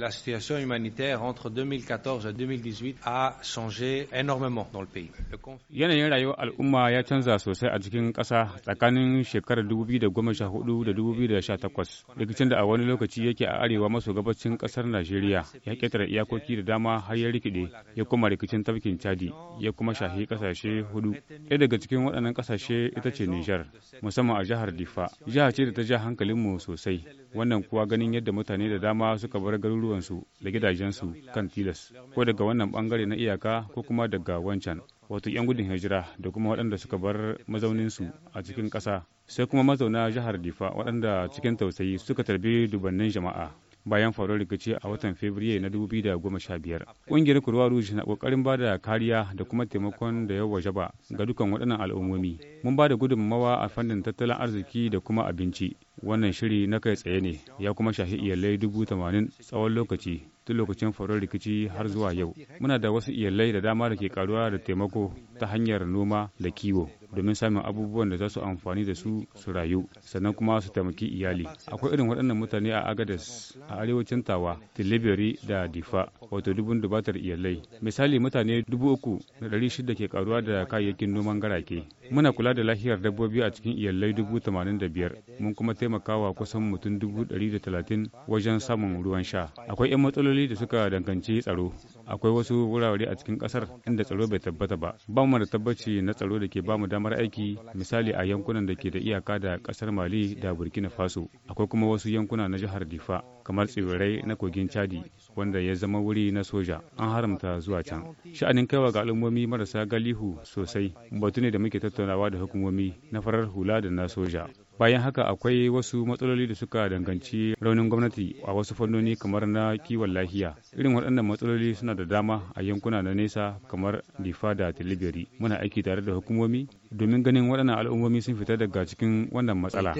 La situation humanitaire entre 2014 et a changé énormément dans Yanayin rayuwar al'umma ya canza sosai a cikin ƙasa tsakanin shekarar 2014 da 2018. Rikicin da a wani lokaci yake a arewa maso gabacin ƙasar Najeriya ya ƙetare iyakoki da dama har ya rikide ya kuma rikicin tafkin Chadi ya kuma shahi ƙasashe hudu. Ɗaya daga cikin waɗannan ƙasashe ita ce Nijar, musamman a jihar Difa. Jiha ce da ta ja mu sosai. wannan kuwa ganin yadda mutane da dama suka bar garuruwansu da gidajensu kan tilas ko daga wannan bangare na iyaka ko kuma daga wancan wato 'yan gudun hijira da kuma waɗanda suka bar mazauninsu a cikin ƙasa sai kuma mazauna jihar difa waɗanda cikin tausayi suka tarbi dubannin jama'a bayan faruwar rikici a watan fabrairu na goma sha biyar. ƙungiyar kurwa rouge na ƙoƙarin ba da kariya da kuma taimakon da ya waje ba ga dukkan waɗannan al'ummomi mun ba da gudunmawa a fannin tattalin arziki da kuma abinci wannan shiri na kai tsaye ne ya kuma shafi iyalai dubu tamanin tsawon lokaci tun lokacin farar rikici har zuwa yau muna da wasu iyalai da dama da ke karuwa da taimako ta hanyar noma da kiwo domin samun abubuwan da za su amfani da su su rayu sannan kuma su taimaki iyali akwai irin waɗannan mutane a agadas a arewacin tawa tilibiri da difa wato dubun dubatar iyalai misali mutane dubu uku da ɗari shida ke karuwa da kayayyakin noman garake muna kula da lafiyar dabbobi a cikin iyalai dubu tamanin da biyar mun kuma taimakawa kusan mutum dubu ɗari da talatin wajen samun ruwan sha akwai 'yan matsalolin matsaloli da suka danganci tsaro akwai wasu wurare a cikin kasar inda tsaro bai tabbata ba ba mu da tabbaci na tsaro da ke ba mu damar aiki misali a yankunan da ke da iyaka da kasar mali da burkina faso akwai kuma wasu yankuna na jihar difa kamar tsibirai na kogin chadi wanda ya zama wuri na soja an haramta zuwa can sha'anin kaiwa ga al'ummomi marasa galihu sosai batu ne da muke tattaunawa da hukumomi na farar hula da na soja bayan haka akwai wasu matsaloli da suka danganci raunin gwamnati a wasu fannoni kamar na kiwon lafiya irin waɗannan matsaloli suna da dama a yankuna na nesa kamar difa da tilibiri muna aiki tare da hukumomi domin ganin waɗannan al'ummomi sun fita daga cikin wannan matsala